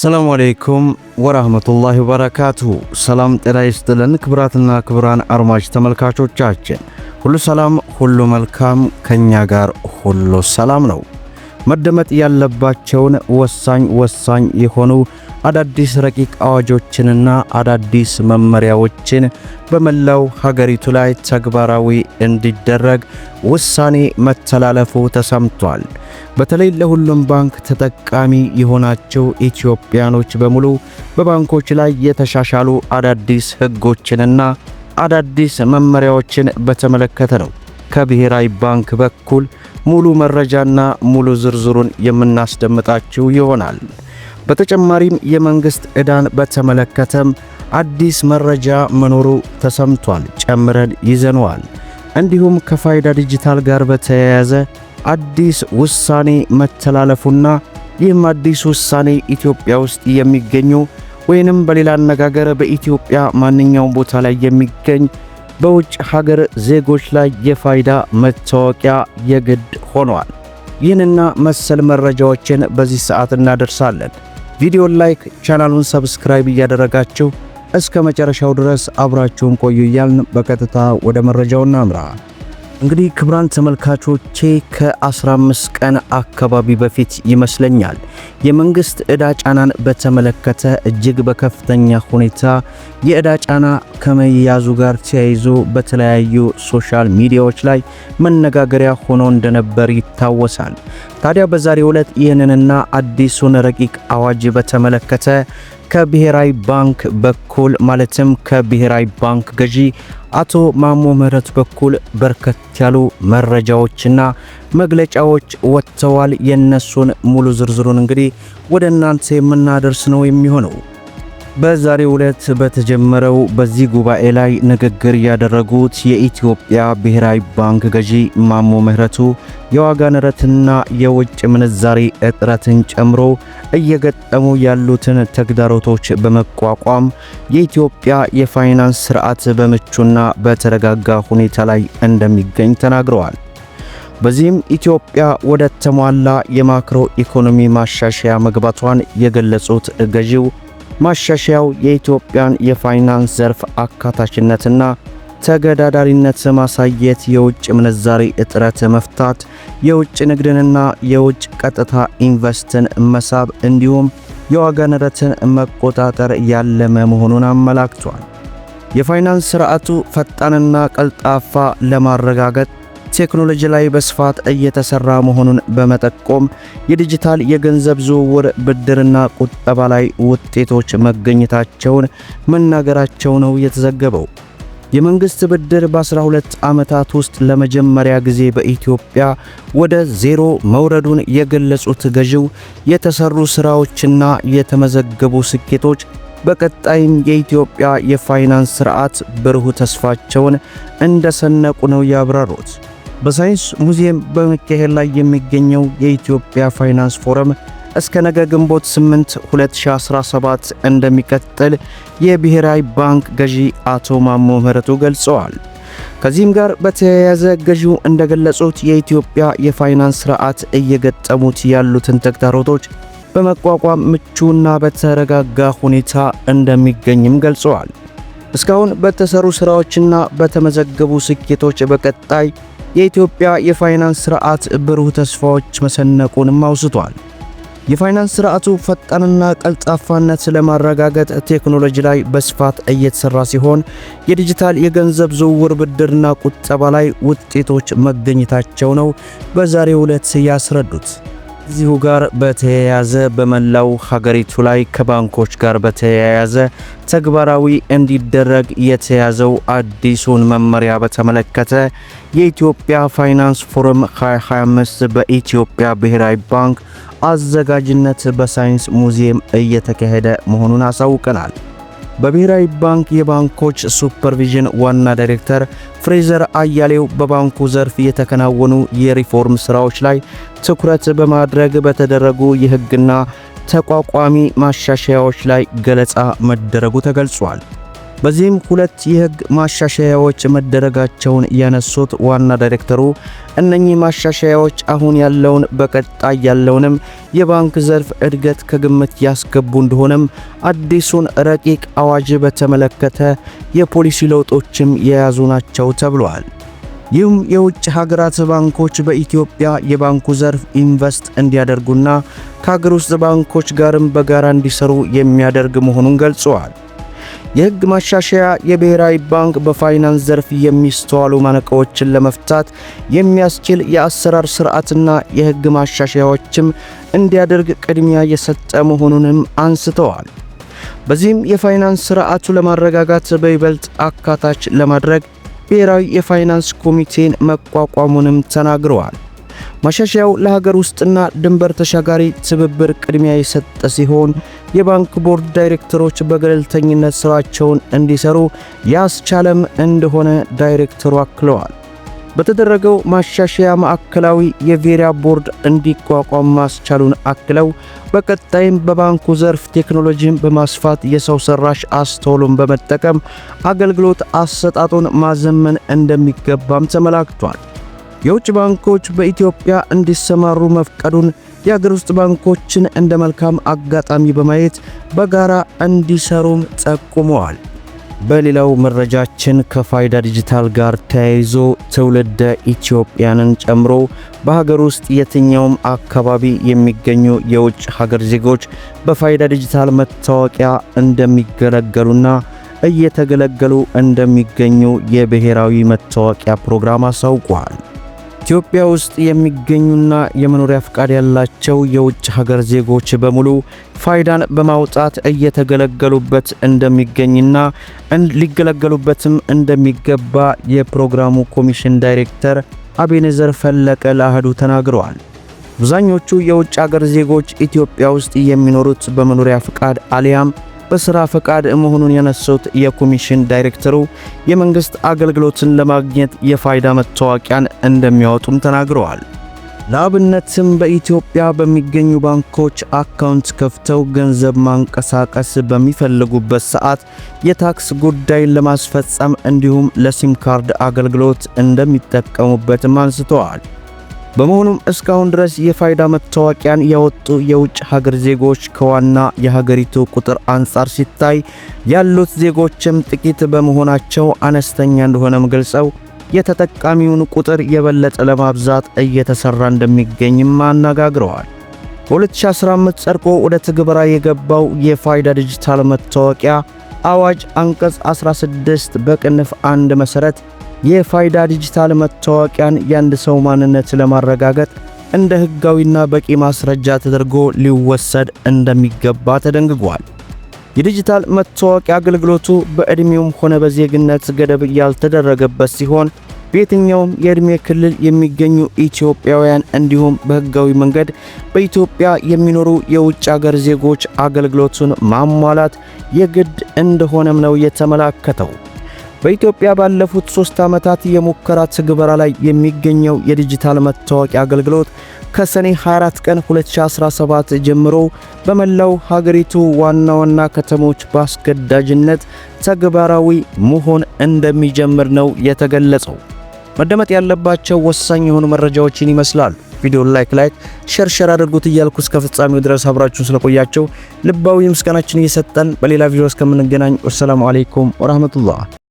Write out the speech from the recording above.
ሰላሙ አሌይኩም ወራህመቱላሂ ወበረካቱሁ። ሰላም ጤና ይስጥልን። ክብራትና ክብራን አድማጭ ተመልካቾቻችን ሁሉ ሰላም፣ ሁሉ መልካም፣ ከእኛ ጋር ሁሉ ሰላም ነው። መደመጥ ያለባቸውን ወሳኝ ወሳኝ የሆኑ አዳዲስ ረቂቅ አዋጆችንና አዳዲስ መመሪያዎችን በመላው ሀገሪቱ ላይ ተግባራዊ እንዲደረግ ውሳኔ መተላለፉ ተሰምቷል። በተለይ ለሁሉም ባንክ ተጠቃሚ የሆናቸው ኢትዮጵያኖች በሙሉ በባንኮች ላይ የተሻሻሉ አዳዲስ ሕጎችንና አዳዲስ መመሪያዎችን በተመለከተ ነው ከብሔራዊ ባንክ በኩል ሙሉ መረጃና ሙሉ ዝርዝሩን የምናስደምጣችሁ ይሆናል። በተጨማሪም የመንግሥት ዕዳን በተመለከተም አዲስ መረጃ መኖሩ ተሰምቷል። ጨምረን ይዘነዋል። እንዲሁም ከፋይዳ ዲጂታል ጋር በተያያዘ አዲስ ውሳኔ መተላለፉና ይህም አዲስ ውሳኔ ኢትዮጵያ ውስጥ የሚገኙ ወይንም በሌላ አነጋገር በኢትዮጵያ ማንኛውም ቦታ ላይ የሚገኝ በውጭ ሀገር ዜጎች ላይ የፋይዳ መታወቂያ የግድ ሆኗል። ይህንና መሰል መረጃዎችን በዚህ ሰዓት እናደርሳለን። ቪዲዮን ላይክ፣ ቻናሉን ሰብስክራይብ እያደረጋችሁ እስከ መጨረሻው ድረስ አብራችሁን ቆዩ እያልን በቀጥታ ወደ መረጃው እናምራ። እንግዲህ ክብራን ተመልካቾቼ ከ15 ቀን አካባቢ በፊት ይመስለኛል የመንግስት ዕዳ ጫናን በተመለከተ እጅግ በከፍተኛ ሁኔታ የዕዳ ጫና ከመያዙ ጋር ተያይዞ በተለያዩ ሶሻል ሚዲያዎች ላይ መነጋገሪያ ሆኖ እንደነበር ይታወሳል። ታዲያ በዛሬው ዕለት ይህንንና አዲሱን ረቂቅ አዋጅ በተመለከተ ከብሔራዊ ባንክ በኩል ማለትም ከብሔራዊ ባንክ ገዢ አቶ ማሞ ምህረቱ በኩል በርከት ያሉ መረጃዎችና መግለጫዎች ወጥተዋል። የነሱን ሙሉ ዝርዝሩን እንግዲህ ወደ እናንተ የምናደርስ ነው የሚሆነው። በዛሬው ዕለት በተጀመረው በዚህ ጉባኤ ላይ ንግግር ያደረጉት የኢትዮጵያ ብሔራዊ ባንክ ገዢ ማሞ ምህረቱ የዋጋ ንረትና የውጭ ምንዛሪ እጥረትን ጨምሮ እየገጠሙ ያሉትን ተግዳሮቶች በመቋቋም የኢትዮጵያ የፋይናንስ ሥርዓት በምቹና በተረጋጋ ሁኔታ ላይ እንደሚገኝ ተናግረዋል። በዚህም ኢትዮጵያ ወደ ተሟላ የማክሮ ኢኮኖሚ ማሻሻያ መግባቷን የገለጹት ገዢው ማሻሻያው የኢትዮጵያን የፋይናንስ ዘርፍ አካታችነትና ተገዳዳሪነት ማሳየት፣ የውጭ ምንዛሪ እጥረት መፍታት፣ የውጭ ንግድንና የውጭ ቀጥታ ኢንቨስትን መሳብ እንዲሁም የዋጋ ንረትን መቆጣጠር ያለመ መሆኑን አመላክቷል። የፋይናንስ ሥርዓቱ ፈጣንና ቀልጣፋ ለማረጋገጥ ቴክኖሎጂ ላይ በስፋት እየተሰራ መሆኑን በመጠቆም የዲጂታል የገንዘብ ዝውውር፣ ብድርና ቁጠባ ላይ ውጤቶች መገኘታቸውን መናገራቸው ነው የተዘገበው። የመንግስት ብድር በ12 ዓመታት ውስጥ ለመጀመሪያ ጊዜ በኢትዮጵያ ወደ ዜሮ መውረዱን የገለጹት ገዢው የተሰሩ ሥራዎችና የተመዘገቡ ስኬቶች በቀጣይም የኢትዮጵያ የፋይናንስ ሥርዓት ብሩህ ተስፋቸውን እንደሰነቁ ነው ያብራሩት። በሳይንስ ሙዚየም በመካሄድ ላይ የሚገኘው የኢትዮጵያ ፋይናንስ ፎረም እስከ ነገ ግንቦት 8 2017 እንደሚቀጥል የብሔራዊ ባንክ ገዢ አቶ ማሞ ምህረቱ ገልጸዋል። ከዚህም ጋር በተያያዘ ገዢው እንደገለጹት የኢትዮጵያ የፋይናንስ ስርዓት እየገጠሙት ያሉትን ተግዳሮቶች በመቋቋም ምቹና በተረጋጋ ሁኔታ እንደሚገኝም ገልጸዋል። እስካሁን በተሰሩ ሥራዎችና በተመዘገቡ ስኬቶች በቀጣይ የኢትዮጵያ የፋይናንስ ሥርዓት ብሩህ ተስፋዎች መሰነቁንም አውስቷል። የፋይናንስ ስርዓቱ ፈጣንና ቀልጣፋነት ለማረጋገጥ ቴክኖሎጂ ላይ በስፋት እየተሰራ ሲሆን የዲጂታል የገንዘብ ዝውውር፣ ብድርና ቁጠባ ላይ ውጤቶች መገኘታቸው ነው በዛሬው ዕለት ያስረዱት። ከዚሁ ጋር በተያያዘ በመላው ሀገሪቱ ላይ ከባንኮች ጋር በተያያዘ ተግባራዊ እንዲደረግ የተያዘው አዲሱን መመሪያ በተመለከተ የኢትዮጵያ ፋይናንስ ፎረም 2025 በኢትዮጵያ ብሔራዊ ባንክ አዘጋጅነት በሳይንስ ሙዚየም እየተካሄደ መሆኑን አሳውቀናል። በብሔራዊ ባንክ የባንኮች ሱፐርቪዥን ዋና ዳይሬክተር ፍሬዘር አያሌው በባንኩ ዘርፍ የተከናወኑ የሪፎርም ስራዎች ላይ ትኩረት በማድረግ በተደረጉ የሕግና ተቋቋሚ ማሻሻያዎች ላይ ገለጻ መደረጉ ተገልጿል። በዚህም ሁለት የህግ ማሻሻያዎች መደረጋቸውን ያነሱት ዋና ዳይሬክተሩ እነኚህ ማሻሻያዎች አሁን ያለውን በቀጣይ ያለውንም የባንክ ዘርፍ እድገት ከግምት ያስገቡ እንደሆነም አዲሱን ረቂቅ አዋጅ በተመለከተ የፖሊሲ ለውጦችም የያዙ ናቸው ተብሏል። ይህም የውጭ ሀገራት ባንኮች በኢትዮጵያ የባንኩ ዘርፍ ኢንቨስት እንዲያደርጉና ከሀገር ውስጥ ባንኮች ጋርም በጋራ እንዲሰሩ የሚያደርግ መሆኑን ገልጸዋል። የህግ ማሻሻያ የብሔራዊ ባንክ በፋይናንስ ዘርፍ የሚስተዋሉ ማነቆዎችን ለመፍታት የሚያስችል የአሰራር ስርዓትና የህግ ማሻሻያዎችም እንዲያደርግ ቅድሚያ የሰጠ መሆኑንም አንስተዋል። በዚህም የፋይናንስ ስርዓቱ ለማረጋጋት በይበልጥ አካታች ለማድረግ ብሔራዊ የፋይናንስ ኮሚቴን መቋቋሙንም ተናግረዋል። ማሻሻያው ለሀገር ውስጥና ድንበር ተሻጋሪ ትብብር ቅድሚያ የሰጠ ሲሆን የባንክ ቦርድ ዳይሬክተሮች በገለልተኝነት ስራቸውን እንዲሰሩ ያስቻለም እንደሆነ ዳይሬክተሩ አክለዋል። በተደረገው ማሻሻያ ማዕከላዊ የቬሪያ ቦርድ እንዲቋቋም ማስቻሉን አክለው በቀጣይም በባንኩ ዘርፍ ቴክኖሎጂን በማስፋት የሰው ሰራሽ አስተውሎን በመጠቀም አገልግሎት አሰጣጡን ማዘመን እንደሚገባም ተመላክቷል። የውጭ ባንኮች በኢትዮጵያ እንዲሰማሩ መፍቀዱን የአገር ውስጥ ባንኮችን እንደ መልካም አጋጣሚ በማየት በጋራ እንዲሰሩም ጠቁመዋል። በሌላው መረጃችን ከፋይዳ ዲጂታል ጋር ተያይዞ ትውልደ ኢትዮጵያንን ጨምሮ በሀገር ውስጥ የትኛውም አካባቢ የሚገኙ የውጭ ሀገር ዜጎች በፋይዳ ዲጂታል መታወቂያ እንደሚገለገሉና እየተገለገሉ እንደሚገኙ የብሔራዊ መታወቂያ ፕሮግራም አሳውቋል። ኢትዮጵያ ውስጥ የሚገኙና የመኖሪያ ፍቃድ ያላቸው የውጭ ሀገር ዜጎች በሙሉ ፋይዳን በማውጣት እየተገለገሉበት እንደሚገኝና ሊገለገሉበትም እንደሚገባ የፕሮግራሙ ኮሚሽን ዳይሬክተር አቤኔዘር ፈለቀ ለአህዱ ተናግረዋል። አብዛኞቹ የውጭ ሀገር ዜጎች ኢትዮጵያ ውስጥ የሚኖሩት በመኖሪያ ፍቃድ አሊያም በስራ ፈቃድ መሆኑን የነሱት የኮሚሽን ዳይሬክተሩ የመንግስት አገልግሎትን ለማግኘት የፋይዳ መታወቂያን እንደሚያወጡም ተናግረዋል። ለአብነትም በኢትዮጵያ በሚገኙ ባንኮች አካውንት ከፍተው ገንዘብ ማንቀሳቀስ በሚፈልጉበት ሰዓት የታክስ ጉዳይን ለማስፈጸም እንዲሁም ለሲም ካርድ አገልግሎት እንደሚጠቀሙበትም አንስተዋል። በመሆኑም እስካሁን ድረስ የፋይዳ መታወቂያን ያወጡ የውጭ ሀገር ዜጎች ከዋና የሀገሪቱ ቁጥር አንጻር ሲታይ ያሉት ዜጎችም ጥቂት በመሆናቸው አነስተኛ እንደሆነም ገልጸው የተጠቃሚውን ቁጥር የበለጠ ለማብዛት እየተሰራ እንደሚገኝም አነጋግረዋል። በ2015 ጸድቆ ወደ ትግበራ የገባው የፋይዳ ዲጂታል መታወቂያ አዋጅ አንቀጽ 16 በቅንፍ አንድ መሠረት የፋይዳ ዲጂታል መታወቂያን የአንድ ሰው ማንነት ለማረጋገጥ እንደ ሕጋዊና በቂ ማስረጃ ተደርጎ ሊወሰድ እንደሚገባ ተደንግጓል። የዲጂታል መታወቂያ አገልግሎቱ በዕድሜውም ሆነ በዜግነት ገደብ ያልተደረገበት ሲሆን በየትኛውም የዕድሜ ክልል የሚገኙ ኢትዮጵያውያን እንዲሁም በሕጋዊ መንገድ በኢትዮጵያ የሚኖሩ የውጭ አገር ዜጎች አገልግሎቱን ማሟላት የግድ እንደሆነም ነው የተመላከተው። በኢትዮጵያ ባለፉት ሶስት ዓመታት የሙከራ ትግበራ ላይ የሚገኘው የዲጂታል መታወቂያ አገልግሎት ከሰኔ 24 ቀን 2017 ጀምሮ በመላው ሀገሪቱ ዋና ዋና ከተሞች በአስገዳጅነት ተግባራዊ መሆን እንደሚጀምር ነው የተገለጸው። መደመጥ ያለባቸው ወሳኝ የሆኑ መረጃዎችን ይመስላል። ቪዲዮን ላይክ ላይክ ሼር ሼር አድርጉት እያልኩ እስከ ፍጻሜው ድረስ አብራችሁን ስለቆያቸው ልባዊ ምስጋናችን እየሰጠን በሌላ ቪዲዮ እስከምንገናኝ ወሰላሙ አሌይኩም ወራህመቱላህ።